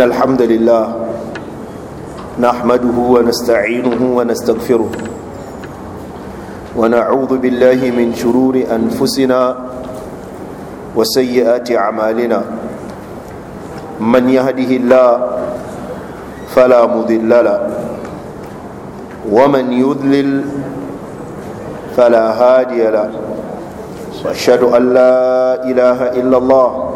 إن الحمد لله نحمده ونستعينه ونستغفره ونعوذ بالله من شرور أنفسنا وسيئات أعمالنا من يهده الله فلا مضل له ومن يذلل فلا هادي له واشهد أن لا إله إلا الله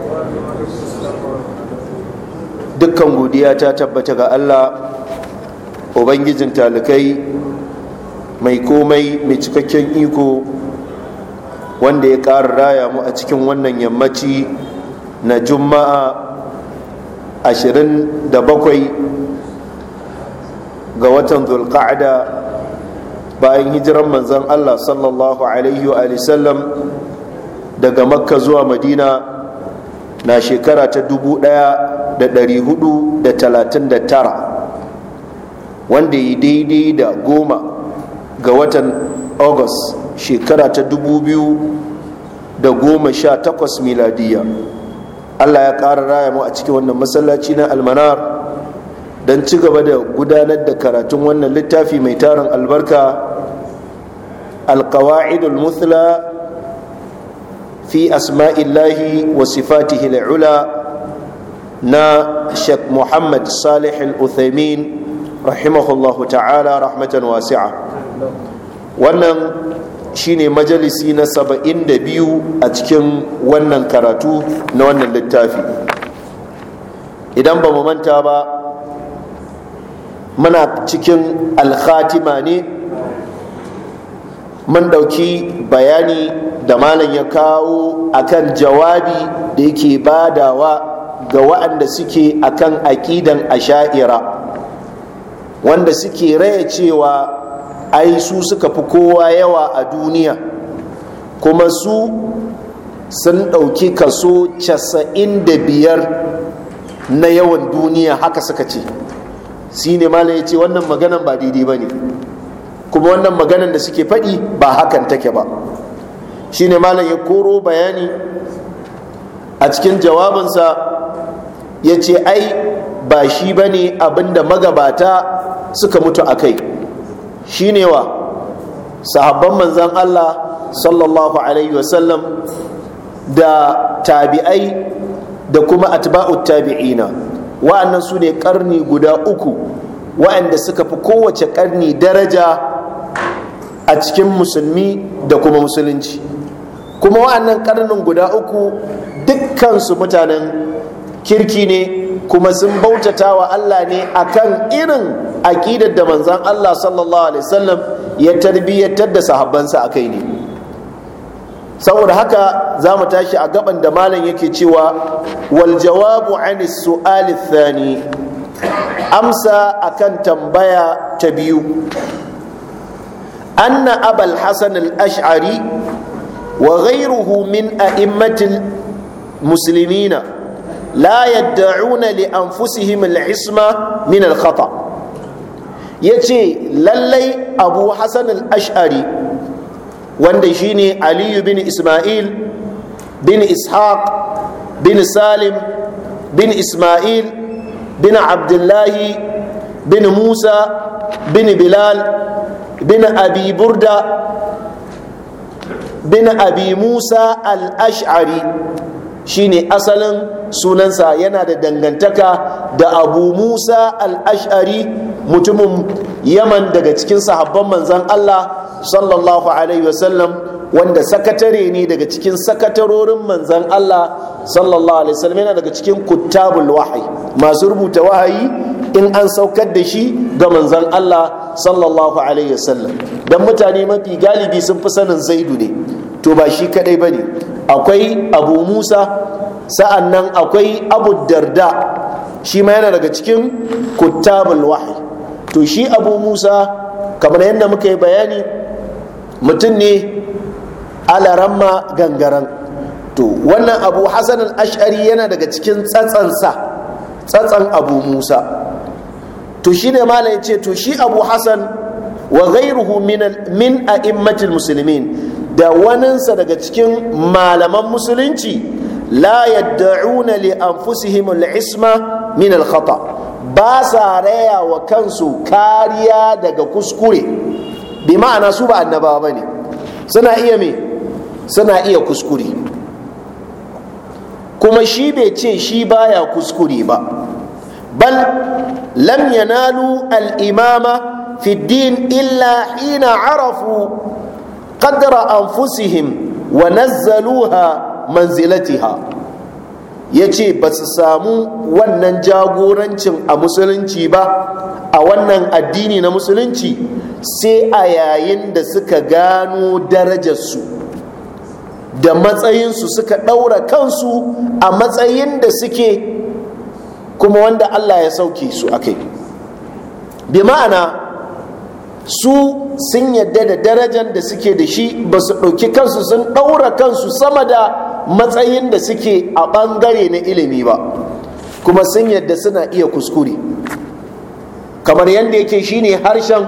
dukkan godiya ta tabbata ga allah ubangijin talikai mai komai mai cikakken iko wanda ya ƙara raya mu a cikin wannan yammaci na juma'a 27 ga watan zulqa'ada bayan hijiran manzan allah sallallahu alaihi wa sallam daga makka zuwa madina na shekara ta dubu ɗaya. da ɗari hudu da talatin da tara wanda yi daidai da goma ga watan agus shekara ta dubu biyu da goma sha takwas miladiya allah ya ƙara raya mu a cikin wannan masallaci na almanar don ci gaba da gudanar da karatun wannan littafi mai tarin albarka alkawa'idul muthla fi asma'illahi wa sifatihi la'ula na Sheikh Muhammad Salih Al-Uthaymin rahimahullahu ta'ala rahmatan wasi'a wannan shine majalisi na saba'in da biyu a cikin wannan karatu na wannan littafi idan ba mu manta ba muna cikin alkhatima ne mun ɗauki bayani da malam ya kawo akan jawabi da yake badawa ga waɗanda suke a kan aƙidan asha'ira wanda suke raya cewa ai su suka fi kowa yawa a duniya kuma su sun ɗauki kaso 95 na yawan duniya haka suka ce shi ne mala ya ce wannan maganan ba daidai ba ne kuma wannan maganan da suke faɗi ba hakan take ba shi ne malam ya koro bayani a cikin jawabinsa ya ce ai ba shi ba ne abinda magabata suka mutu a kai shi ne wa sahabban manzan Allah sallallahu alaihi wasallam da tabi'ai da kuma atba'ut tabi'ina wa'annan su ne karni guda uku wa'anda suka fi kowace karni daraja a cikin musulmi da kuma musulunci kuma wa'annan karnin guda uku dukkansu mutanen kirki ne kuma sun bautata wa Allah ne akan irin aƙidar da manzan Allah sallallahu alaihi wasallam ya tarbiyyatar da sahabbansa a kai ne saboda haka za mu tashi a gaban da malam yake cewa wal jawabu an su'al thani amsa akan tambaya ta biyu anna abal hasan al-ash'ari wa ghayruhu min a'immatil muslimina la yadda'una li anfusihim al-isma min al-khata yace lallai abu hasan al-ash'ari wanda shine aliyu bin isma'il bin ishaq bin salim bin isma'il bin abdullahi bin musa bin bilal bin abi burda bin abi musa al-ash'ari shine asalin sunansa yana da dangantaka da abu musa al-ash'ari mutumin yaman daga cikin sahabban manzan allah sallallahu alaihi wasallam wanda sakatare ne daga cikin sakatarorin manzan allah sallallahu alaihi wasallam yana daga cikin kuttabul wahayi masu rubuta wahayi in an saukar da shi ga manzan allah sallallahu alaihi wasallam don mutane mafi galibi sun fi sanin zaidu ne to ba shi kadai ba ne akwai abu musa sa'an nan akwai abu darda shi ma yana daga cikin kuttabul wahi to shi abu musa kamar yadda muka yi bayani mutum ne alaramma gangaran to wannan abu hasan al-ash'ari yana daga cikin tsatsansa tsatsan abu musa to shi ne ce to shi abu hasan wa ghairuhu min a'immatil musulmin da waninsa daga cikin malaman musulunci la yadda'una li anfusihim al-isma min al-khata ba sa raya wa kansu kariya daga kuskure bi ma'ana su ba annabawa bane suna iya me suna iya kuskure kuma shi bai ce shi baya kuskure ba bal lam yanalu al-imama fi din illa hina arafu qadra anfusihim wa nazzaluha manzilatiha yace ba su samu wannan jagorancin a musulunci ba a wannan addini na musulunci sai a yayin da suka gano darajarsu da matsayinsu suka ɗaura kansu a matsayin da suke kuma wanda Allah ya sauke su a kai bi ma'ana su sun yadda da darajar da suke da shi ba su ɗauki kansu sun ɗaura kansu sama da matsayin da suke a ɓangare na ilimi ba kuma sun yadda suna iya kuskure kamar yadda yake ne harshen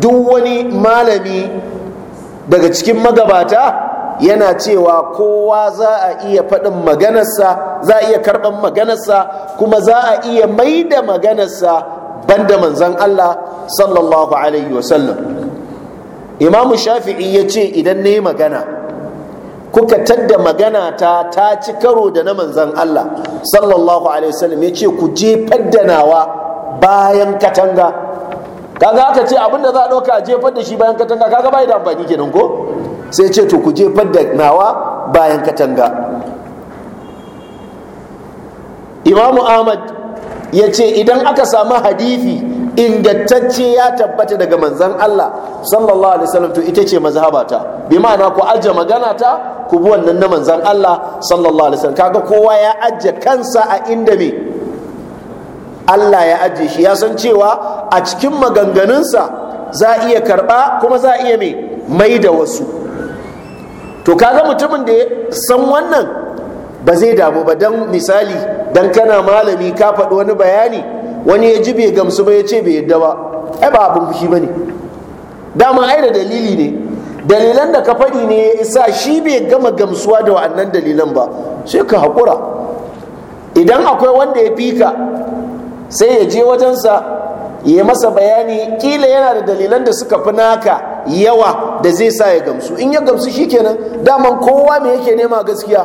duk wani malami daga cikin magabata yana cewa kowa za a iya faɗin maganarsa za a iya karɓar maganarsa kuma za a iya mai da maganarsa banda manzan Allah sallallahu alaihi wasallam imamu shafi'i ya ce idan ne magana kuka tadda magana ta ta ci karo da na manzan Allah sallallahu alaihi wasallam ya ce ku je da bayan katanga kaga aka ce abinda za a ɗauka a jefar da shi bayan katanga kaga bai da amfani kenan ko sai ce to ku jefar da nawa bayan katanga imamu ahmad ya ce idan aka samu hadithi ingantacce ya tabbata daga manzan Allah sallallahu alaihi wasallam to ita ce mazhabata bi ma'ana ku ajje magana ta ku bi wannan na manzan Allah sallallahu alaihi wasallam kaga kowa ya ajje kansa a inda me Allah ya ajje shi ya san cewa a cikin maganganunsa za a iya karba kuma za a iya me mai da wasu to kaga mutumin da ya san wannan ba zai damu ba dan misali dan kana malami ka faɗi wani bayani wani ya ji bai gamsu ba ya ce bai yadda ba ai ba abin fushi bane dama ai da dalili ne dalilan da ka faɗi ne ya isa shi bai gama gamsuwa da wa'annan dalilan ba sai ka haƙura idan akwai wanda ya fika sai ya je wajensa ya masa bayani kila yana da dalilan da suka fi naka yawa da zai sa ya gamsu in ya gamsu shi shikenan daman kowa me yake nema gaskiya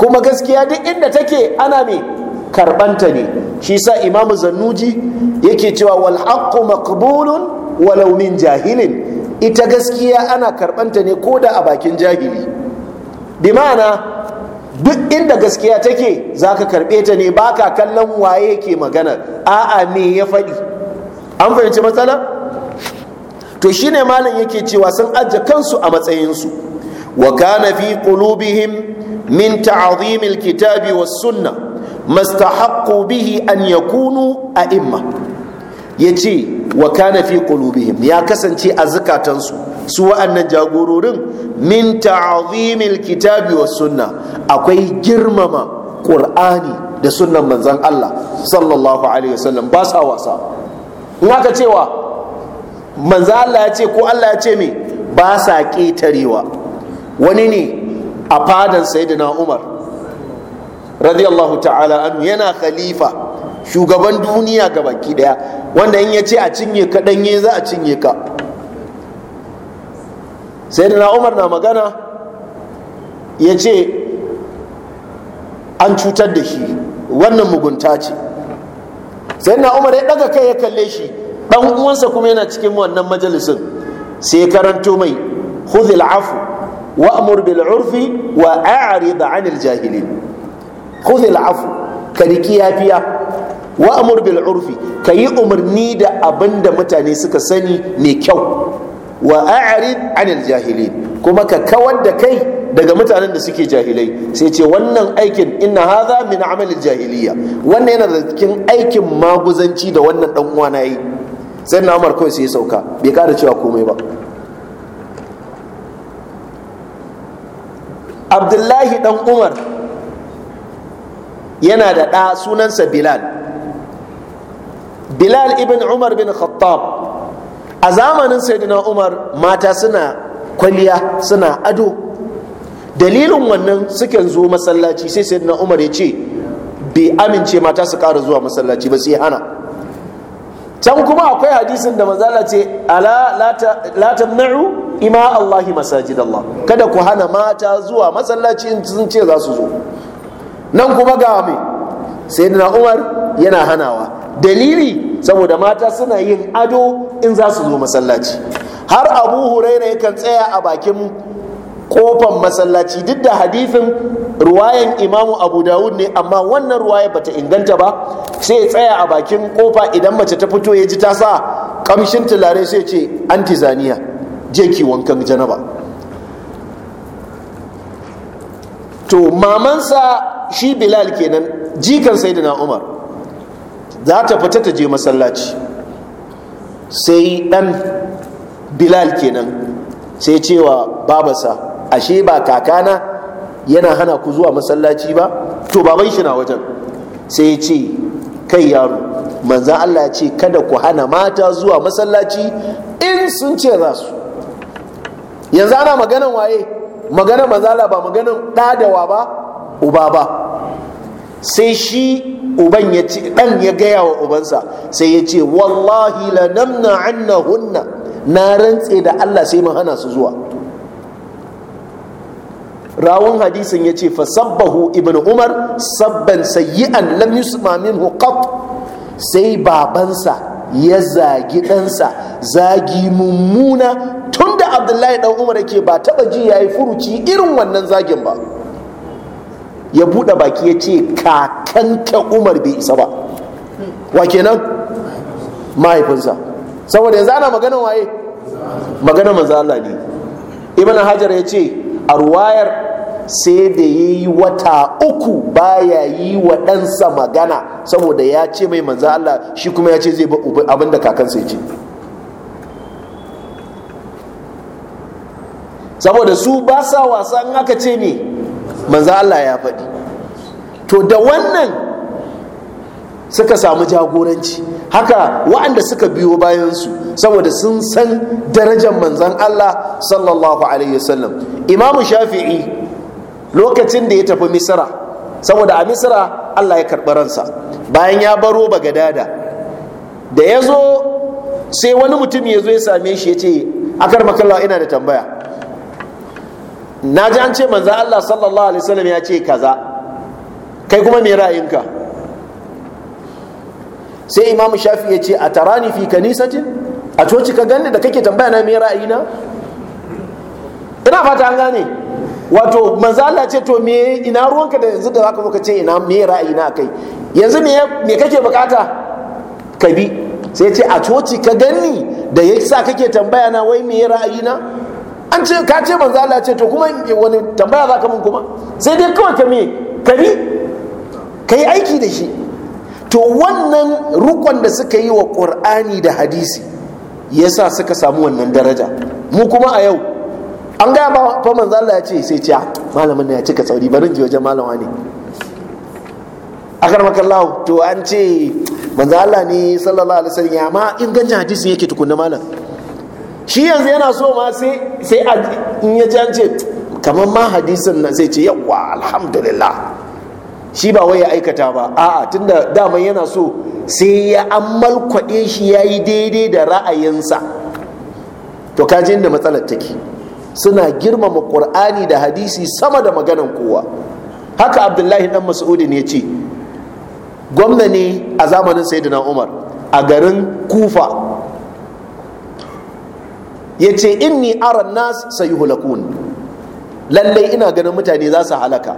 kuma gaskiya duk inda take ana me karbanta ne shi sa imamu zannuji yake cewa wal haqqu maqbulun walau jahilin ita gaskiya ana karbanta ne ko da a bakin jahili bi ma'ana duk inda gaskiya take zaka karbe ta ne baka kallon waye ke magana a'a me ya faɗi an fahimci matsala to shine malam yake cewa sun ajiye kansu a matsayinsu wa kana fi qulubihim min ta'zimil kitabi was sunnah Mastahaku bihi an imma, ya yace wa kana fi qulubihim ya kasance a zukatansu su wa'annan jagororin min ta'zimil kitabi was sunna akwai girmama qur'ani da sunnan manzon Allah sallallahu alaihi wasallam ba sa wasa in aka cewa manzon Allah ya ce ko Allah ya ce me ba sa ketarewa wani ne a fadan sayyidina Umar radiyallahu ta'ala anhu yana khalifa shugaban duniya ga baki daya wanda in ya a cinye ka danye za a cinye ka sai da umar na magana ya ce an cutar da shi wannan mugunta ce sai na umar ya daga kai ya kalle shi dan uwansa kuma yana cikin wannan majalisin sai karanto mai khudh al-afu wa'mur bil urfi wa a'rid 'anil jahilin khudhil afu ka riki yafiya wa amur bil urfi ka yi umarni da abinda mutane suka sani mai kyau wa a'rid anil jahilin kuma ka kawar da kai daga mutanen da suke jahilai sai ce wannan aikin inna hadha min amalil jahiliya wannan yana da cikin aikin maguzanci da wannan dan uwa na yi sai na Umar kawai sai ya sauka bai kada cewa komai ba Abdullahi dan Umar yana da ɗa sunansa bilal bilal ibn umar bin khattab a zamanin sayyidina umar mata suna kwalliya, suna ado dalilin wannan suke zo masallaci sai sayyidina umar ya ce bai amince mata su ƙara zuwa masallaci ba sai hana can kuma akwai hadisin da mazala ce ala la na'u ima Allahi masajid Allah kada ku hana mata zuwa masallaci sun ce za su zo nan kuma ga mu sai na umar yana hanawa dalili saboda mata suna yin ado in za su zo masallaci har abu huraira yakan tsaya a bakin kofan masallaci duk da hadifin ruwayan imamu abu dawud ne amma wannan ruwaya bata inganta ba sai tsaya a bakin kofa idan mace ta fito ya ji ta sa kamshin tulare sai ce antizaniya je ki wankan janaba to mamansa shi bilal kenan jikan sayyidina umar za ta fita ta je masallaci sai dan bilal kenan sai cewa babasa ashe ba kakana yana hana ku zuwa masallaci ba to baban shi na wajen sai ce kai yaro manzan allah ya ce kada ku hana mata zuwa masallaci in sun ce za su yanzu ana maganan waye magana manzala ba maganan ɗadawa ba uba ba sai shi uban ya ce ɗan ya gaya wa ubansa sai ya ce wallahi la namna anna hunna na rantse da Allah sai mun hana su zuwa rawun hadisin ya ce fasabbahu ibn umar sabban sayyi'an lam yusma minhu qat sai babansa ya zagi ɗansa zagi mummuna tunda abdullahi dan umar yake ba taba ji yayi furuci irin wannan zagin ba ya buɗe baki ya ce kakanka umar bai isa ba wa kenan mahaifinsa saboda yanzu ana magana waye magana manzo Allah ne ibn hajar ya ce a ruwayar sai da ya yi wata uku baya yi wa ɗansa magana saboda ya ce mai manzo shi kuma ya ce zai abin da kakansa ya ce saboda su ba sa wasa in aka ce ne manza Allah ya faɗi to da wannan suka samu jagoranci haka waɗanda suka biyo bayansu saboda sun san darajar manzan Allah sallallahu alaihi wasallam imamu shafi'i lokacin da ya tafi misira saboda a misira Allah ya karɓi ransa bayan ya baro bagadada da ya zo sai wani mutum ya zo ya same shi ya ce akar makalla ina da tambaya na ji an ce manzo Allah sallallahu alaihi wasallam ya ce kaza kai kuma me ra'ayinka sai imam shafi ya ce a tarani fi kanisatin a coci ka ganni da kake tambaya na me ra'ayina ina fata an gane wato manzo Allah ce to me ina ruwanka da yanzu da zaka muka ka ce ina me ra'ayina kai yanzu me me kake bukata ka bi sai ce a coci ka ganni da yasa kake tambaya na wai me ra'ayina an ce ka ce manzo Allah ce to kuma wani tambaya za ka mun kuma sai dai kawai ka me kari ka yi aiki da shi to wannan rukon da suka yi wa ƙur'ani da hadisi yasa suka samu wannan daraja mu kuma a yau an gaya ba fa manzo Allah ya ce sai ciya ah, malamin ya cika tsauri barin ji wajen malama ne akar makallahu to an ce manzo Allah ne sallallahu alaihi wasallam ya ma ingancin hadisi yake tukunna malam shi yanzu yana so ma sai a in ya ce kamar ma hadisin nan sai ce yawwa alhamdulillah shi ba wai ya aikata ba a'a tunda daman yana so sai ya ammal kwaɗe shi ya yi daidai da ra'ayinsa to kaji inda matsalar take suna girmama ƙur'ani da hadisi sama da maganan kowa haka abdullahi dan mas'udin ya ce gwamna ne a zamanin sayyidina umar a garin kufa ya ce inni aran nas sayuhlakun lallai ina ganin mutane za su halaka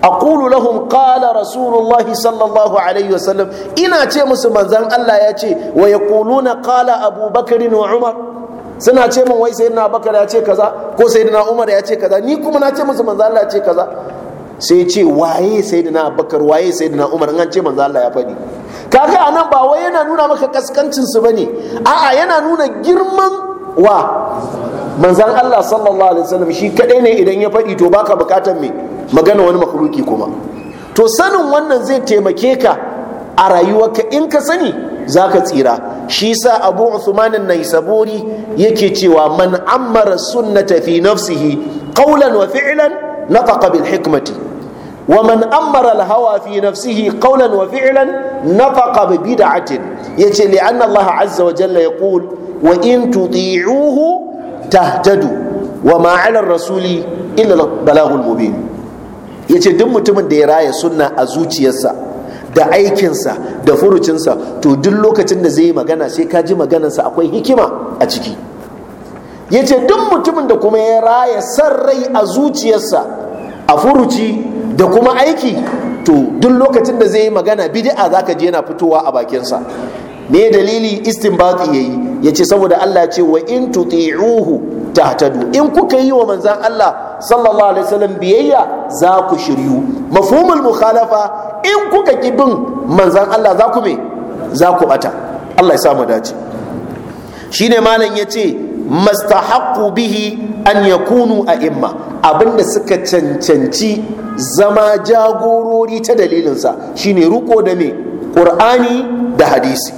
أقول لهم قال رسول الله صلى الله عليه وسلم إنا تي مسلمان زان الله يأتي Umar? Suna ce min wai Sayyidina تي ya ce kaza? Ko Sayyidina Umar ya ce kaza? Ni kuma na ce musu مسلمان Allah ya ce kaza? sai ce waye sayyidina bakar waye sayyidina umar an ce manzo Allah ya faɗi kaga anan ba wai yana nuna maka kaskancin su bane a'a yana nuna girman wa manzan Allah sallallahu alaihi wasallam shi kaɗai ne idan ya faɗi to baka bukatar me magana wani makhluki kuma to sanin wannan zai taimake ka a rayuwarka in ka sani zaka tsira shi sa Abu Uthman an-Naisaburi yake cewa man ammara sunnata fi nafsihi qawlan wa fi'lan nafaqa bil hikmati wa man hawa fi nafsihi kawulan wa fi'lan nafaqa bi bid'atin yace li anna Allah azza wa jalla wa in tuti'uhu tahtadu wa ma 'ala rasuli illa balagul mubin yace duk mutumin da ya raya sunna a zuciyarsa da aikinsa da furucinsa to duk lokacin da zai yi magana sai ka ji maganarsa akwai hikima a ciki yace duk mutumin da kuma ya raya san rai a zuciyarsa a furuci da kuma aiki to duk lokacin da zai yi magana bid'a zaka ji yana fitowa a bakinsa me dalili istinbati yayi yace saboda Allah ce wa in tuti'uhu tahtadu in kuka yi wa manzan Allah sallallahu alaihi wasallam biyayya za ku shiryu mafhumul mukhalafa in kuka ki bin manzan Allah za ku me za ku bata Allah ya sa mu dace shine malam yace mastahaqqu bihi an yakunu a'imma abinda suka cancanci zama jagorori ta dalilinsa shine ruko da me qur'ani da hadisi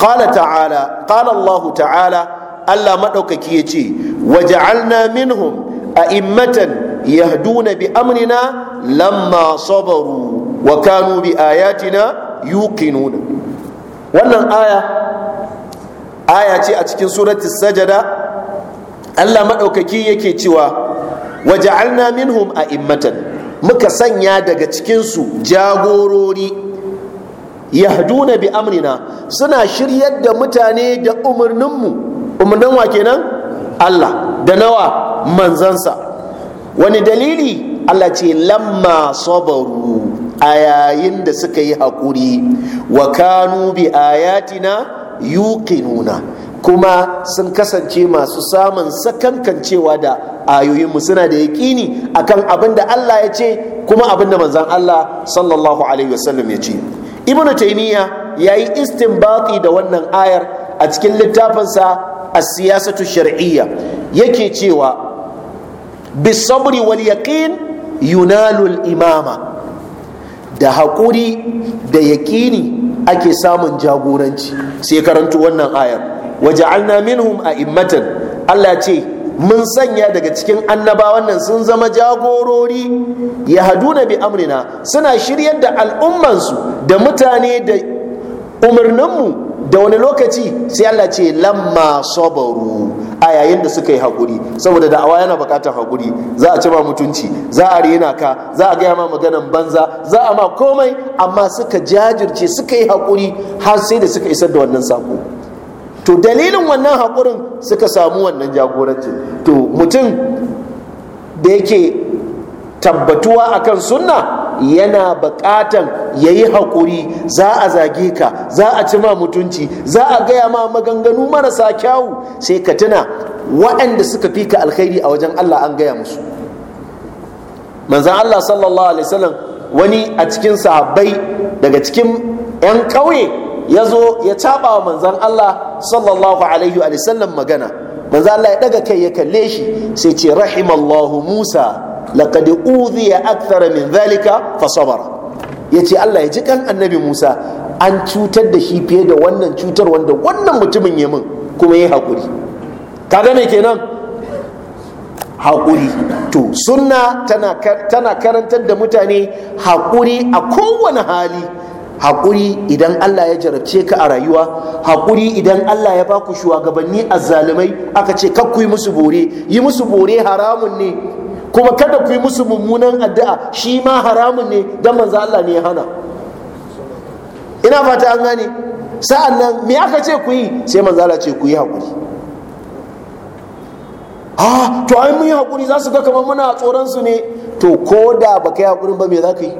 qala ta'ala qala Allah ta'ala Allah madaukaki yace waja'alna minhum a'immatan yahduna bi amrina lamma sabaru wa kanu bi ayatina yuqinuna wannan aya aya ce a cikin surati sajada Allah maɗaukaki yake cewa waja'alna minhum a'immatan muka sanya daga cikinsu jagorori yahduna bi amrina suna shiryar da mutane da umarninmu umarnin wa kenan Allah da nawa manzansa wani dalili Allah ce lamma sabaru a yayin da suka yi haƙuri wa kanu bi ayatina yuqinuna kuma sun kasance masu samun sakankancewa da ayoyinmu suna da yaƙini akan abin da Allah ya ce kuma abin da manzan Allah sallallahu alaihi wasallam ya ce Ibn taymiya yayi istinbati da wannan ayar a cikin littafinsa a siyasatu shar'iyya yake cewa bisabri wal yaqin yunalu al-imama da haƙuri da yaƙini ake samun jagoranci sai karanto wannan ayar waja'alna minhum a'immatan Allah ce mun sanya daga cikin annabawan nan sun zama jagorori ya hadu na bi amrina suna shiryar da al'ummansu da mutane da umarninmu da wani lokaci sai Allah ce lamma sabaru a yayin da suka yi haƙuri saboda da'awa yana buƙatar haƙuri za a ci ma mutunci za a rena ka za a gaya ma maganan banza za a ma komai amma suka jajirce suka yi haƙuri har sai da suka isar da wannan saƙo to dalilin wannan haƙurin suka samu wannan jagoranci, to mutum da yake tabbatuwa akan sunna yana buƙatan ya yi haƙuri za a zage ka za a ci ma mutunci za a gaya ma maganganu marasa kyawu sai ka tuna waɗanda suka fi ka alkhairi a wajen Allah an gaya musu manzan Allah sallallahu alaihi wasallam wani a cikin sahabbai daga cikin 'yan ƙauye ya zo ya taba wa manzan Allah sallallahu alaihi wa sallam magana manzan Allah ya daga kai ya kalle shi sai ce rahimallahu Musa laqad udhiya akthara min zalika fa sabara yace Allah ya ji kan annabi Musa an cutar da shi fiye da wannan cutar wanda wannan mutumin ya min kuma ya hakuri kaga me kenan hakuri to sunna tana karantar da mutane hakuri a kowane hali haƙuri idan Allah ya jarabce ka a rayuwa haƙuri idan Allah ya baku shugabanni azzalumai aka ce ka kuyi yi musu bore yi musu bore haramun ne kuma kada kuyi musu mummunan addu'a shi ma haramun ne don manzo Allah ne ya hana ina fata an gane sa'an nan me aka ce ku yi sai manzo Allah ce ku yi haƙuri Ha ah, to ai mun yi haƙuri za su ga kamar muna tsoron su ne to ko da baka yi haƙurin ba me za ka yi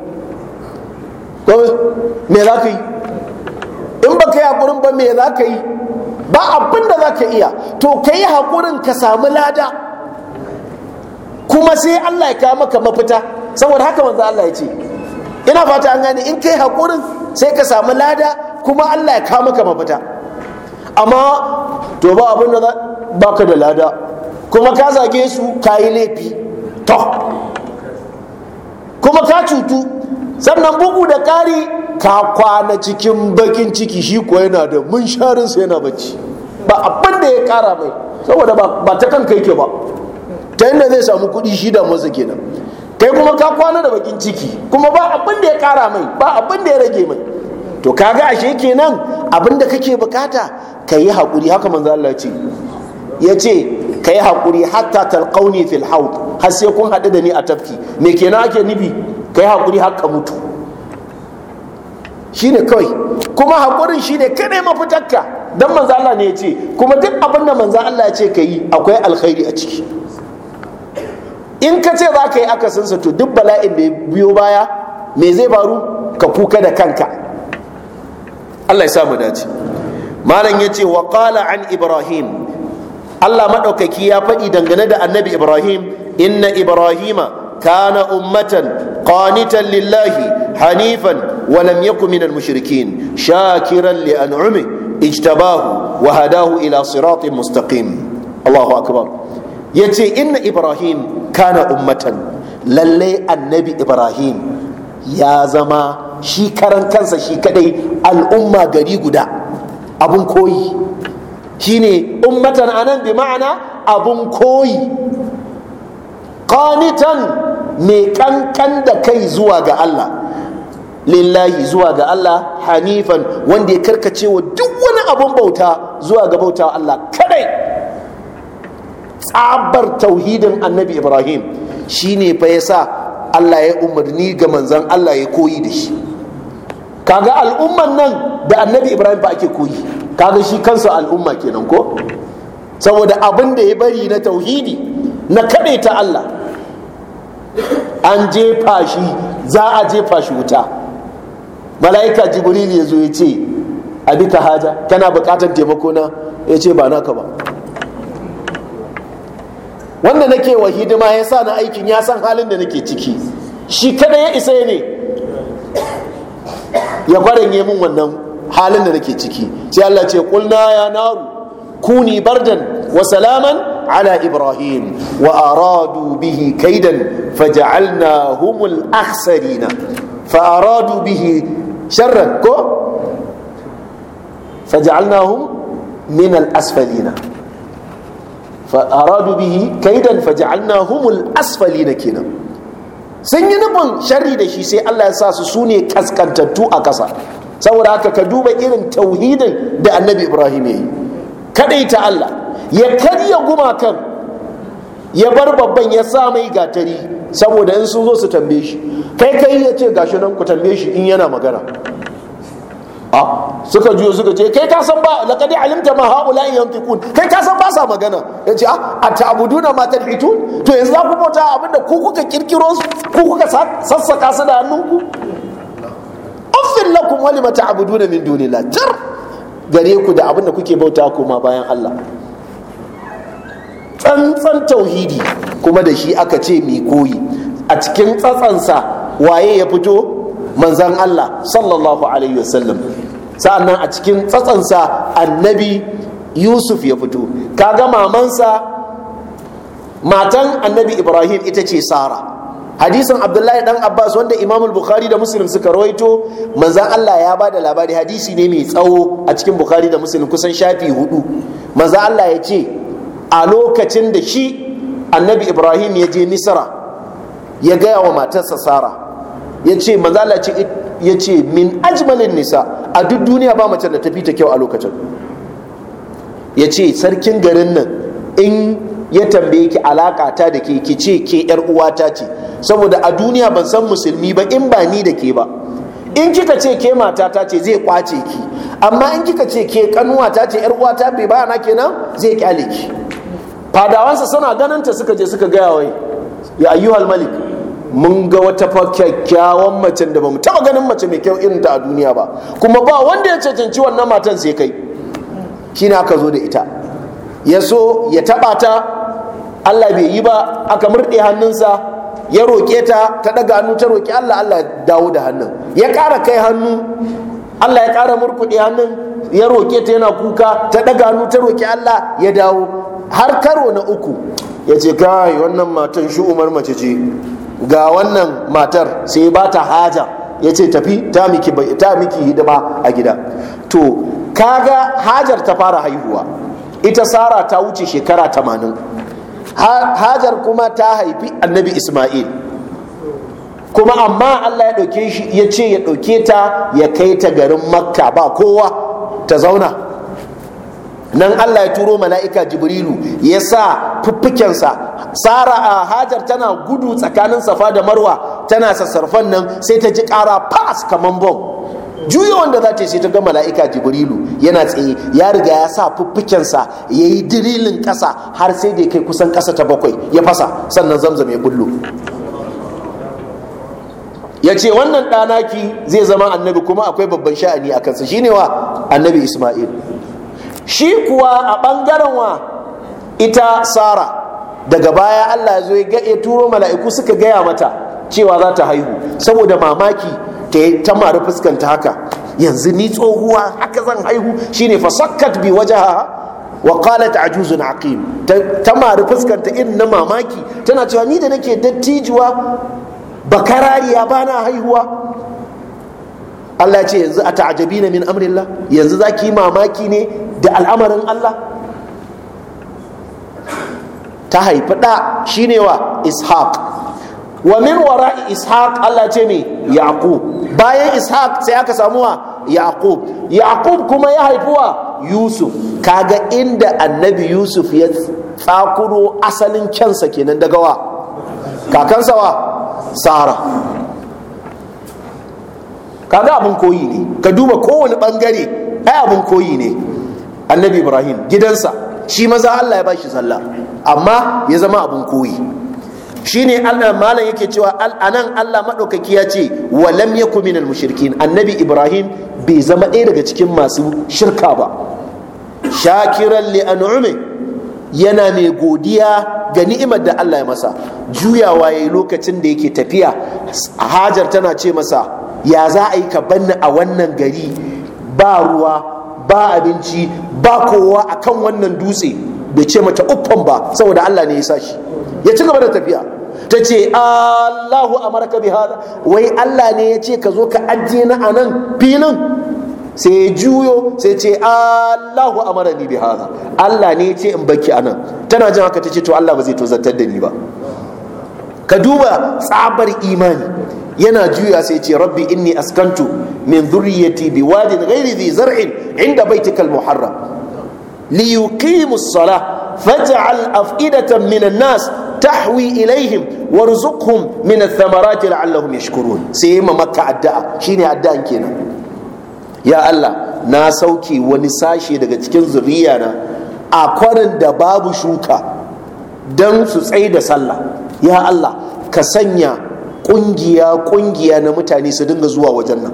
me za ka yi in ba ka yi haƙurin ba me za ka yi ba abin da za ka iya to ka yi haƙurin ka samu lada kuma sai Allah ya kawo maka mafita saboda haka manzo Allah ya ce ina fata an gane in kai haƙurin sai ka samu lada kuma Allah ya kawo maka mafita amma to ba abin da ba ka da lada kuma ka zage su ka yi laifi to kuma ka cutu sannan bugu da ƙari ka kwana cikin bakin ciki shi ko yana da munsharinsa yana bacci ba abin da ya ƙara mai saboda ba ta kai ke ba ta yadda zai samu kuɗi shi da masa kenan kai kuma ka kwana da bakin ciki kuma ba abin da ya ƙara mai ba abin da ya rage mai to kaga ashe kenan abin da kake bukata ka yi haƙuri haka manzo Allah ce ya ce ka yi haƙuri hatta talqauni fil har sai kun haɗu da ni a tafki me kenan ake nufi kai hakuri ka mutu shine kawai kuma hakurin shine kadai mafitarka dan manzo Allah ne ya ce kuma duk abin da manzo Allah ya ce ka yi akwai alkhairi a ciki in ka ce za ka yi akasinsa to duk bala'in da biyo baya me zai baru ka kuka da kanka Allah ya sa mu dace malam ya ce wa qala an ibrahim Allah maɗaukaki ya faɗi dangane da annabi Ibrahim inna Ibrahima kana ummatan قانتا لله حنيفا ولم يكن من المشركين شاكرا لأنعمه اجتباه وهداه إلى صراط مستقيم الله أكبر يتي إن إبراهيم كان أمة للي النبي إبراهيم يا زما شي كرن كنسا شي كدي الأمة قريقدا أبن كوي شيني أمة أنا بمعنى أبن كوي qanitan mai kankan da kai zuwa ga Allah lillahi zuwa ga Allah hanifan wanda ya karkace wa duk wani abun bauta zuwa ga bauta Allah kadai tsabar tauhidin annabi Ibrahim shine fa yasa Allah ya umarni ga manzan Allah ya koyi da shi kaga al'umman nan da annabi Ibrahim ba ake koyi kaga shi kansa al'umma kenan ko saboda abin da ya bari na tauhidi na kadaita Allah an jefa shi za a jefa shi wuta mala'ika jibril ya zo ya ce abika haja kana bukatar taimako na ya ce ba naka ba wanda nake wa hidima ya sa na aikin ya san halin da nake ciki shi kada ya isa ne ya kwaranye min wannan halin da nake ciki sai Allah ce kulna ya naru kuni bardan wa salaman على إبراهيم وأرادوا به كيدا فجعلناهم الأخسرين فأرادوا به شرا فجعلناهم من الأسفلين فأرادوا به كيدا فجعلناهم الأسفلين كنا sun yi nufin sharri da shi sai Allah ya sa su su ne kaskantattu a ƙasa saboda haka ka duba irin tauhidin da annabi ibrahim ya yi kaɗai ta Allah ya karya gumakan ya bar babban ya sa mai gatari saboda in sun zo su tambaye shi kai kai ya ce gashi nan ku tambaye shi in yana magana a suka juyo suka ce kai ka san ba laqad alimta ma haula yantiqun kai ka san ba sa magana ce a ata'buduna ma tadhitun to yanzu za ku bauta abinda ku kuka kirkiro ku kuka sassaka su da hannunku uffin lakum walima ta'buduna min dunillah jar gare ku da abinda kuke bauta kuma bayan Allah tsantsan tauhidi kuma da shi aka ce mai koyi a cikin tsatsansa waye ya fito manzan Allah sallallahu alaihi wasallam nan a cikin tsatsansa annabi Yusuf ya fito kaga mamansa matan annabi Ibrahim ita ce Sara hadisin abdullahi dan abbas wanda imamul bukhari da muslim suka rawaito manzan allah ya ba da labari hadisi ne mai tsawo a cikin bukhari da muslim kusan shafi hudu manzan allah ya ce a lokacin da shi annabi ibrahim ya je misra ya gaya wa matarsa sara ya ce manzala ya ce min ajmalin nisa a duk duniya ba mace da ta fi ta kyau a lokacin ya ce sarkin garin nan in ya tambaye ki alaka ta da ke ki ce ke yar uwata ce saboda a duniya ban san musulmi ba in ba ni da ke ba in kika ce ke mata ta ce zai kwace ki amma in kika ce ke kanuwa ta ce yar uwata bai bayana kenan zai kyale ki fadawansa suna gananta suka je suka gaya wai ya ayyuhal malik mun ga wata fa kyakkyawan mace da bamu taba ganin mace mai kyau irin ta a duniya ba kuma ba wanda ya cancanci wannan matan sai kai Kina ka zo da ita ya so ya taba ta Allah bai yi ba aka murɗe hannunsa ya roƙe ta ta daga hannu ta roƙi Allah Allah ya dawo da hannun ya ƙara kai hannu Allah ya ƙara murkuɗe hannun ya roƙe ta yana kuka ta ɗaga hannu ta roƙi Allah ya dawo har karo na uku ya ce kai wannan matan shi umar mace ce ga wannan matar sai ba ta haja ya ce tafi ta miki ta miki hidima a gida to kaga hajar ta fara haihuwa ita sara ta wuce shekara tamanin hajar kuma ta haifi annabi isma'il kuma amma allah ya ɗauke shi ya ce ya ɗauke ta ya kai ta garin makka ba kowa ta zauna nan Allah ya turo mala'ika jibrilu ya sa fuffukensa sara a hajar tana gudu tsakanin safa da marwa tana sassarfan nan sai ta ji ƙara fas kaman bom juya wanda za ta sai ta ga mala'ika jibrilu yana tsaye ya riga ya sa fuffukensa ya yi dirilin ƙasa har sai da kai kusan ƙasa ta bakwai ya fasa sannan zamzam ya bullo ya ce wannan ɗanaki zai zama annabi kuma akwai babban sha'ani a kansa shine wa annabi isma'il shi kuwa a ɓangaren wa ita sara daga baya allah ya zo ya turo mala'iku suka gaya mata cewa za ta haihu saboda mamaki ta ta mari fuskanta haka yanzu ni tsohuwa haka zan haihu shine fasakkat bi wajaha wa qalat ajuzun aqim ta mari fuskanta irin na mamaki tana cewa ni da nake dattijuwa bakarariya bana haihuwa Allah ce yanzu a ta'ajabi na min amrillah yanzu za ki yi mamaki ne da al'amarin Allah ta haifi ɗa ne wa ishaq wa min wara'i ishaq Allah ce me yaqub bayan ishaq sai aka samu wa yaqub yaqub kuma ya haifi wa yusuf kaga inda annabi yusuf ya tsakuro asalin kensa kenan daga wa kakansa wa sara kaga abin koyi ne ka duba kowane bangare ai abin koyi ne annabi ibrahim gidansa shi maza allah ya bashi sallah amma ya zama abin koyi shine allah malam yake cewa anan allah maɗaukaki ya ce wa lam yaku minal mushrikin annabi ibrahim bai zama ɗaya daga cikin masu shirka ba shakiran li an'umi yana mai godiya ga ni'imar da allah ya masa juyawa yayi lokacin da yake tafiya hajar tana ce masa ya za a yi ka banni a wannan gari ba ruwa ba abinci ba kowa a kan wannan dutse bai ce mata uffan ba saboda Allah ne ya sa shi ya ci gaba da tafiya ta ce Allahu amarka bi hada wai Allah ne ya ce ka zo ka ajiye na nan filin sai ya juyo sai ce Allahu ni bi hada Allah ne ya ce in baki anan tana jin haka ta ce to Allah ba zai tozartar da ni ba ka duba tsabar imani yana juya sai ce rabbi inni askantu min dhurriyyati biwadin ghairi dhi zar'in inda baitikal muharram li yuqimu as-salah faj'al af'idatan min an-nas tahwi ilaihim warzuqhum min ath-thamarati la'allahum yashkurun sai ma makka addu'a shine addu'an kenan ya Allah na sauke wani sashe daga cikin zuriya na a kwarin da babu shuka dan su tsaida sallah ya Allah ka sanya ƙungiya ƙungiya na mutane su dinga zuwa wajen nan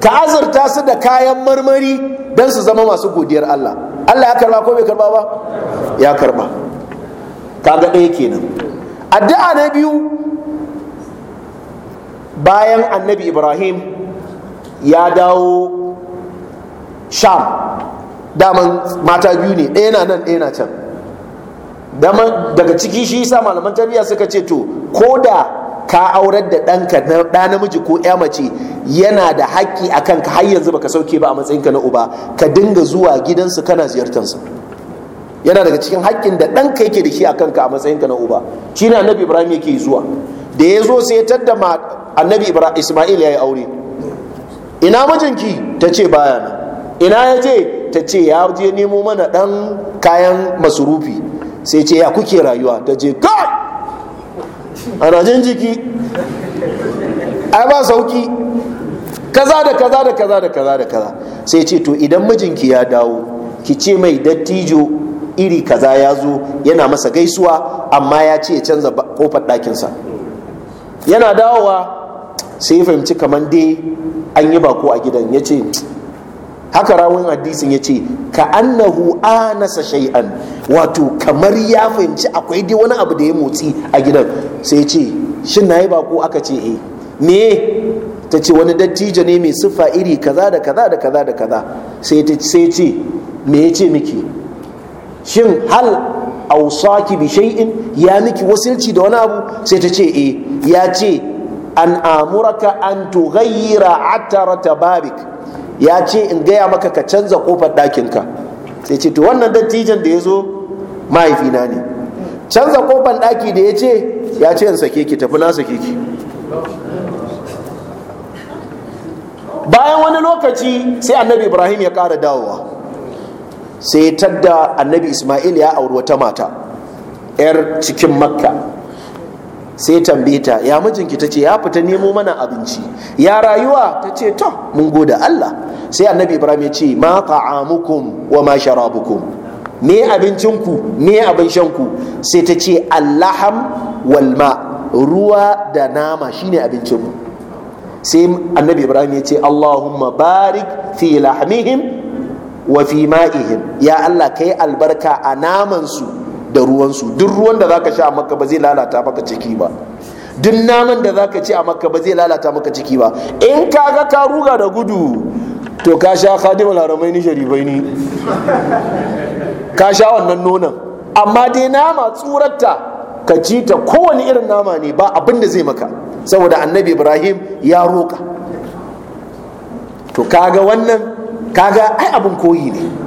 ka azurta su da kayan marmari don su zama masu godiyar Allah Allah ya karba ko bai karba ba ya karba kaga ɗaya kenan addu'a na biyu bayan annabi ibrahim ya dawo sham daman mata biyu ne ɗaya na nan ɗaya na can daga ciki shi sa malaman tarbiyya suka ce to ko da ka aurar da ɗanka ɗa namiji ko ya mace yana da haƙƙi a kanka har yanzu baka sauke ba a matsayinka na uba ka dinga zuwa gidansu kana ziyartarsa yana daga cikin haƙƙin da ɗanka yake da shi a kanka a matsayinka na uba shi ne annabi ibrahim yake zuwa da ya zo sai ya tadda annabi isma'il ya yi aure ina mijinki ta ce baya na. ina ya je ta ce ya je nemo mana ɗan kayan masurufi sai ce ya kuke rayuwa ta je kai ana jin jiki ai ba sauki kaza da kaza da kaza da kaza da kaza sai ce to idan mijinki ya dawo ki ce mai dattijo iri kaza ya zo yana masa gaisuwa amma ya ce canza kofar ɗakinsa yana dawowa sai ya fahimci kamar dai an yi bako a gidan ya ce haka rawun hadisin ya ce ka annahu anasa shay'an wato kamar ya fahimci akwai dai wani abu da ya motsi a gidan sai ya ce shin yi bako aka ce eh me ta ce wani dattijo ne mai siffa iri kaza da kaza da kaza da kaza sai ta ce me ya ce miki shin hal ausaki bi shay'in ya miki wasilci da wani abu sai ta ce eh ya ce an amuraka an tughayyira atarata babik ya ce in gaya maka ka canza kofar ɗakinka sai ce to wannan dattijan da ya zo mahaifina ne canza kofar ɗaki da ya ce ya ce in sake ki tafi na sake ki bayan wani lokaci sai annabi ibrahim ya ƙara dawowa sai tadda annabi ismail ya auri wata mata 'yar cikin makka sai tambaye ta ya mijinki ta ce ya fita nemo mana abinci ya rayuwa ta ce to mun gode Allah sai annabi Ibrahim ya ce ma ta'amukum wa ma sharabukum me abincinku me abin shanku sai ta ce allaham walma ruwa da nama shine abincinmu sai annabi Ibrahim ya ce Allahumma barik fi lahmihim wa fi ma'ihim ya Allah kai albarka a namansu da ruwansu duk ruwan da zaka sha a makka ba zai lalata maka ciki ba duk naman da zaka ci a makka ba zai lalata maka ciki ba in kaga ka ruga da gudu to ka sha khadimul haramaini sharifaini ka sha wannan nonon amma dai nama tsurarta ka ci ta kowane irin nama ne ba abin da zai maka saboda annabi ibrahim ya roƙa to kaga wannan kaga ai abin koyi ne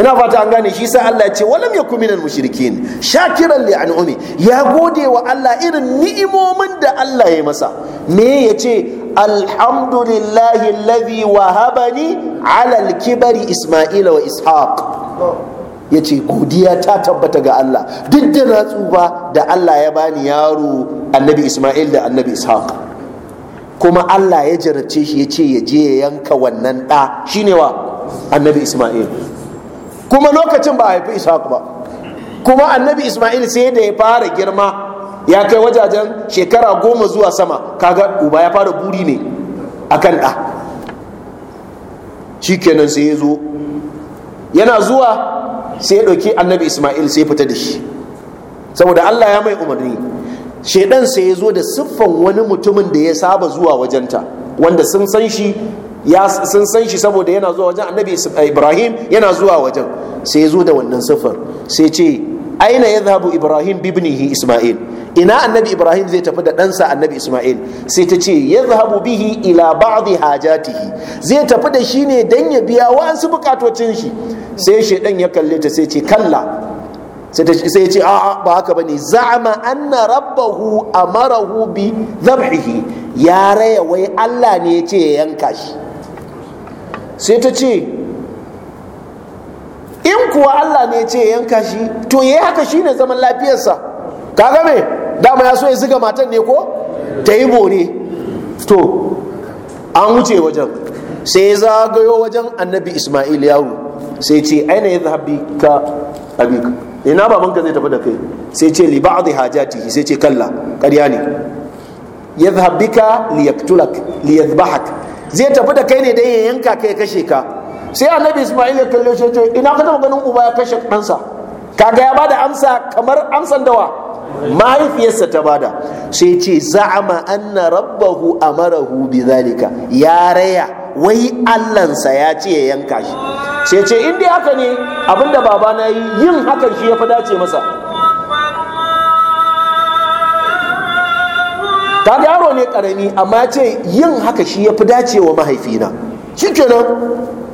ina fata an gane shi sai Allah ya ce walam yakun minal mushrikin shakiran li an'umi ya gode wa Allah irin ni'imomin da Allah ya masa me yace alhamdulillahi alladhi wahabani ala alkibari kibari isma'ila wa ishaq ya godiya ta tabbata ga Allah duk da na tsufa da Allah ya bani yaro annabi Ismail da annabi Ishaq kuma Allah ya jarabce shi yace ya je ya yanka wannan ɗa shine wa annabi Ismail kuma lokacin ba a haifi Ishaku ba kuma annabi isma'il sai da ya fara girma ya kai wajajen shekara goma zuwa sama kaga uba ya fara buri ne a kan ɗa shi kenan sai ya zo yana zuwa sai ya ɗauki annabi isma'il sai fita da shi saboda allah ya mai umarni shaidan sai ya zo da siffan wani mutumin da ya saba zuwa wajenta wanda sun san shi ya sun san shi saboda yana zuwa wajen annabi eh, ibrahim yana zuwa wajen sai ya zo da wannan siffar sai ce aina ya zahabu ibrahim bibnihi isma'il ina annabi ibrahim zai tafi da ɗansa annabi isma'il sai ta ce ya zahabu bihi ila ba'dhi hajatihi zai tafi da shi ne dan ya biya wa'ansu bukatocin shi sai shaidan ya kalle ta sai ce kalla sai ce a'a ba haka bane za'ama anna rabbahu amarahu bi dhabhihi ya raya wai Allah ne ya ce ya yanka shi sai ta ce in kuwa Allah ne ce yanka shi to yi haka shi ne zaman lafiyarsa kaga me dama ya so ya ziga matan ne ko ta yi bore to an wuce wajen sai ya zagayo wajen annabi ismail yawo sai ce aina ya zahabi ka abika ina eh, babanka zai tafi da kai sai ce li ba'dhi hajatihi sai ce kalla ƙarya ne yadhhab bika liyaktulak liyadhbahak zai tafi da kai ne dai ya yanka kai kashe ka sai annabi isma'il ya kalle shi ce ina ka taba ganin uba ya kashe ɗansa kaga ya bada amsa kamar amsan dawa mahaifiyarsa ta bada sai ce za'ama anna rabbahu amarahu bi zalika ya raya wai allansa ya ce ya yanka shi sai ce in dai haka ne abinda babana yi yin hakan shi ya fi dace masa Ta yaro ne karami amma ya ce yin haka shi ya fi dacewa mahaifina shi kenan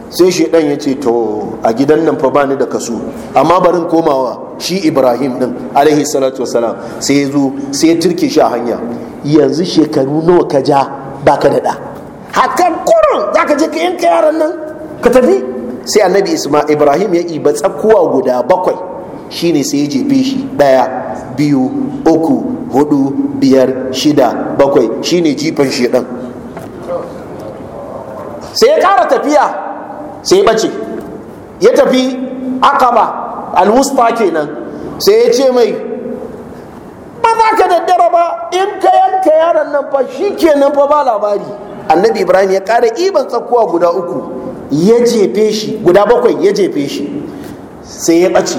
sai shaidan ya ce to a gidan nan fa bani da kaso amma barin komawa shi ibrahim din alaihi salatu wasalam sai ya zo sai ya turke shi a hanya yanzu shekaru nawa ka ja ba ka da hakan kurun ka je ka yanka yaran nan ka tafi sai annabi isma ibrahim ya ba tsakuwa guda bakwai shine sai ya jefe shi ɗaya. biyu uku hudu biyar shida bakwai shine jifan shedan sai ya kara tafiya sai ya bace ya tafi akaba alwusta kenan sai ya ce mai ba za ka daddara ba in ka yanka yaran nan ba shi kenan fa ba labari annabi ibrahim ya kara iban tsakkuwa guda uku ya jefe shi guda bakwai ya jefe shi sai ya ɓace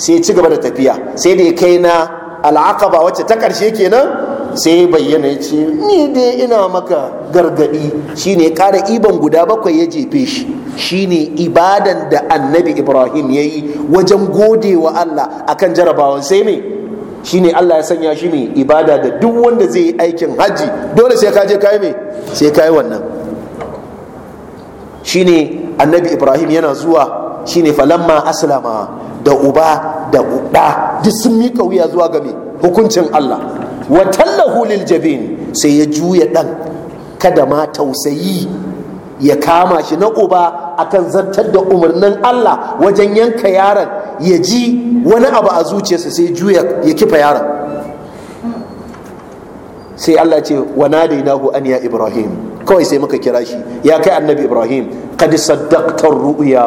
sai ci gaba da tafiya sai da ya kai na al'aqaba wacce ta karshe kenan sai bayyana ya ce ni dai ina maka gargaɗi shine ƙara iban guda bakwai ya jefe shi shine ibadan da annabi ibrahim ya yi wajen gode wa allah akan jarabawan sai me shine allah ya sanya shi mai ibada da duk wanda zai yi aikin hajji dole sai ka je kai me sai ka yi wannan shine annabi ibrahim yana zuwa shine falamma aslama da uba da uba duk sun miƙa wuya zuwa ga me hukuncin Allah wa tallahu lil jabin sai ya juya dan kada ma tausayi ya kama shi na uba akan zartar da umarnin Allah wajen yanka yaron ya ji wani abu a zuciyarsa sai juya ya kifa yaron sai Allah ce wa nadainahu an ya ibrahim kawai sai muka kira shi ya kai annabi ibrahim kad saddaqtar ru'ya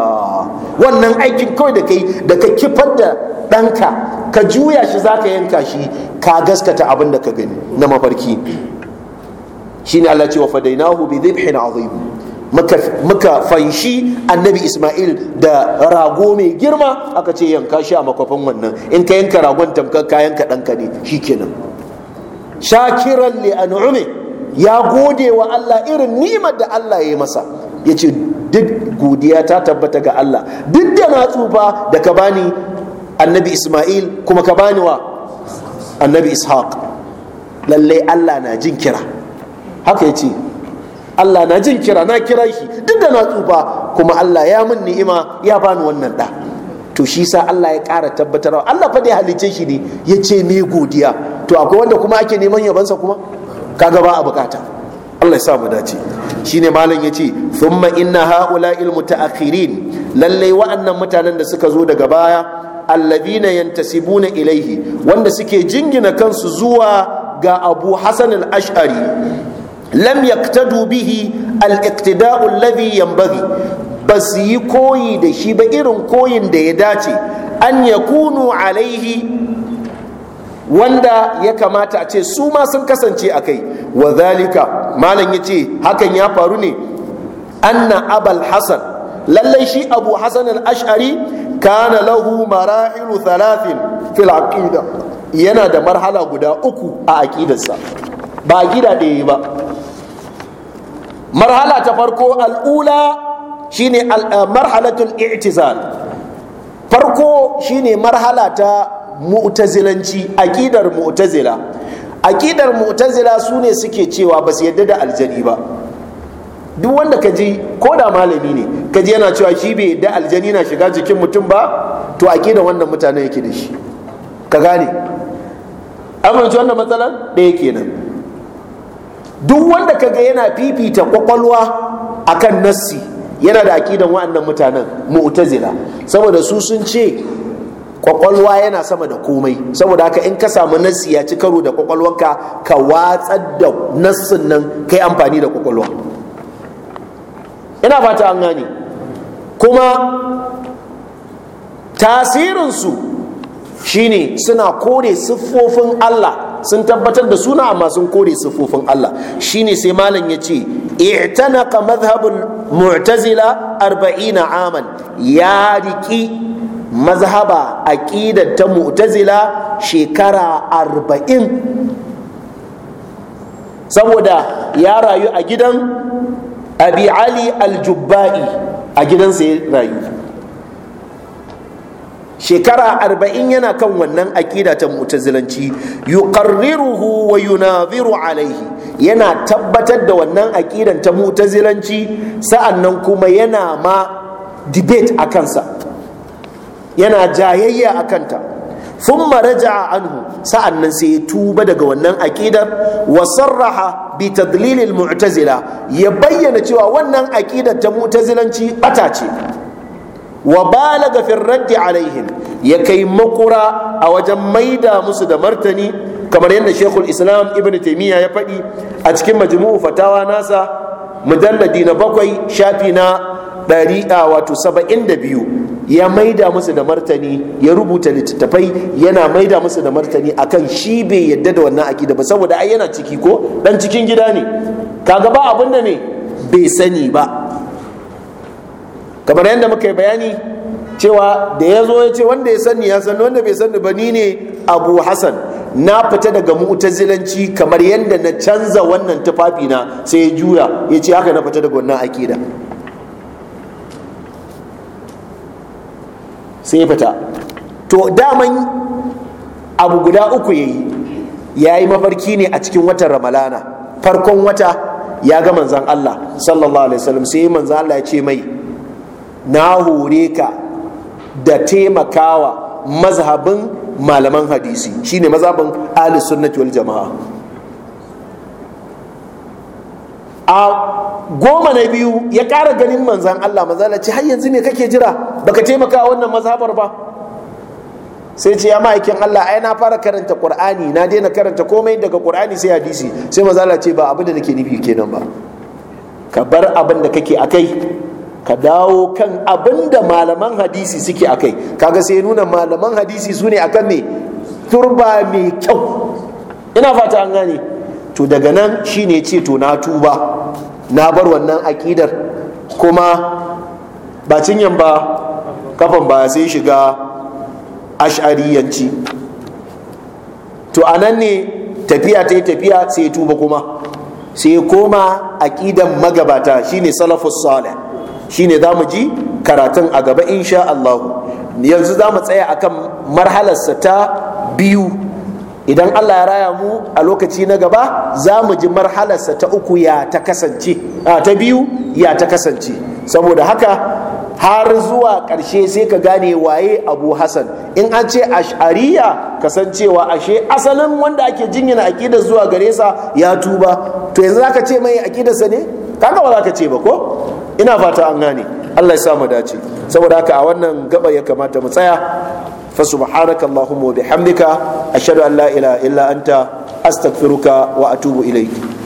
wannan aikin kawai da kai da ka kifar da ɗanka ka juya shi zaka yanka shi ka gaskata abin da ka gani na mafarki shine Allah ce wa fadainahu bi dhibhin azim muka muka fanshi annabi Isma'il da rago mai girma aka ce yanka shi a makwafin wannan in ka yanka ragon tamkar ka yanka ɗanka ne shikenan shakiran li an'umi ya gode wa Allah irin ni'imar da Allah ya yi masa ya ce duk godiya ta tabbata ga Allah duk da na tsufa da ka bani annabi Ismail kuma ka bani wa annabi Ishaq lallai Allah na jin kira haka ya ce Allah na jin kira na kira shi duk da na tsufa kuma Allah ya min ni'ima ya bani wannan da to shi sa Allah ya kara tabbatarwa Allah fa da shi ne ya ce ne godiya to akwai wanda kuma ake neman yabansa kuma kaga ba a bukata Allah ya mu dace shine malam yace thumma inna haula'il mutaakhirin lalle wa'annan mutanen da suka zo daga baya alladhina yantasibuna ilaihi wanda suke jingina kansu zuwa ga Abu Hasan al-Ash'ari lam yaktadu bihi al-iqtida'u alladhi yanbaghi ba su yi koyi da shi ba irin koyin da ya dace an yakunu alaihi wanda ya kamata a ce su ma sun kasance a kai wa zalika malam ya ce hakan ya faru ne anna abal hasan lallai shi abu hasan al-ash'ari kana lahu mara'ilu thalathin fil aqida yana da marhala guda uku a aqidarsa ba gida ɗaya ba marhala ta farko al'ula shine marhalatul i'tizal farko shine marhala ta mu'tazilanci aqidar mu'tazila aqidar mu'tazila su ne suke cewa ba su yadda da aljani ba duk wanda ka ji ko da malami ne ka ji yana cewa shi bai yadda aljani na shiga jikin mutum ba to aqidar wannan mutane yake da shi ka gane amince wannan matsalar ɗaya kenan duk wanda kaga yana fifita kwakwalwa akan nassi yana da aqidar wa'annan mutanen mu'tazila saboda su sun ce kwakwalwa yana sama da komai saboda haka in ka samu nassi ya ci karo da kwakwalwarka ka watsar da nassin nan kai amfani da kwakwalwa ina fata an gane kuma tasirinsu shine suna kore siffofin Allah sun tabbatar da suna amma sun kore siffofin Allah shine sai malam ya ce i'tanaqa madhhabul mu'tazila arba'ina aman ya riki mazhaba aqidar ta mu'tazila shekara arba'in saboda ya rayu a gidan abi ali aljubba'i a gidansa ya rayu shekara arba'in yana kan wannan aƙida ta mutazilanci yuqarriruhu wa yunaziru alaihi yana tabbatar da wannan aƙidan ta mutazilanci sa'annan kuma yana ma debate a kansa yana jayayya a kanta sun maraja anhu sa'an nan sai ya tuba daga wannan aƙidar wa sarraha bi tadlilil mu'tazila ya bayyana cewa wannan aƙidar ta mu'tazilanci ɓata ce wa balaga fi raddi alaihim ya kai makura a wajen maida musu da martani kamar yadda shekul islam ibn taimiyya ya faɗi a cikin majmu'u fatawa nasa mujalladi na bakwai shafi na ɗari wato saba'in da biyu ya maida musu da martani ya rubuta littattafai yana maida musu da martani akan shi bai yadda da wannan akida ba saboda ai yana ciki ko dan cikin gida ne kaga ba abin da ne bai sani ba kamar yadda muka yi bayani cewa da ya zo ya ce wanda ya sani ya sani wanda bai sani ba ni ne abu hassan na fita daga mu'tazilanci kamar yadda na canza wannan na sai ya juya ya ce haka na fita daga wannan akida sai ya fita to daman abu guda uku ya yi ya yi mafarki ne a cikin watan ramalana farkon wata ya ga manzan Allah sallallahu alaihi wasallam sai manzan Allah ya ce mai na hore ka da taimakawa mazhabin malaman hadisi shine mazhabin ahli sunnati wal jama'a goma na biyu ya ƙara ganin manzan Allah manzala ce har yanzu me kake jira baka taimaka wannan mazhabar ba sai ce ya ma'aikin Allah ai na fara karanta Qur'ani na daina karanta komai daga Qur'ani sai hadisi sai manzala ce ba abin da nake nufi kenan ba ka bar abin da kake akai ka dawo kan abin da malaman hadisi suke akai kaga sai nuna malaman hadisi su ne akan me turba mai kyau ina fata an gane to daga nan shine ce to na tuba na bar wannan aƙidar kuma ba cinyan ba kafan ba sai shiga ash'ariyanci to a nan ne tafiya ta yi tafiya sai tuba kuma sai koma aƙidan magabata shine salafus salih shine za mu ji karatun a gaba inshaAllahu. yanzu za mu tsaya akan marhalarsa ta biyu idan Allah ya raya mu a lokaci na gaba za mu ji marhalarsa ta uku ya ta kasance ta biyu ya ta kasance saboda haka har zuwa ƙarshe sai ka gane waye abu hassan in an ce ash'ariya kasancewa ashe asalin wanda ake jinyan akida zuwa gare sa ya tuba to yanzu za ka ce mai aƙidarsa ne kaga ba ka ce ba ko ina fata an gane Allah ya sa mu dace saboda haka a wannan gaba ya kamata mu tsaya fa subhanaka allahumma wa bihamdika ashhadu an la ilaha illa anta firuka wa a tubu ilai.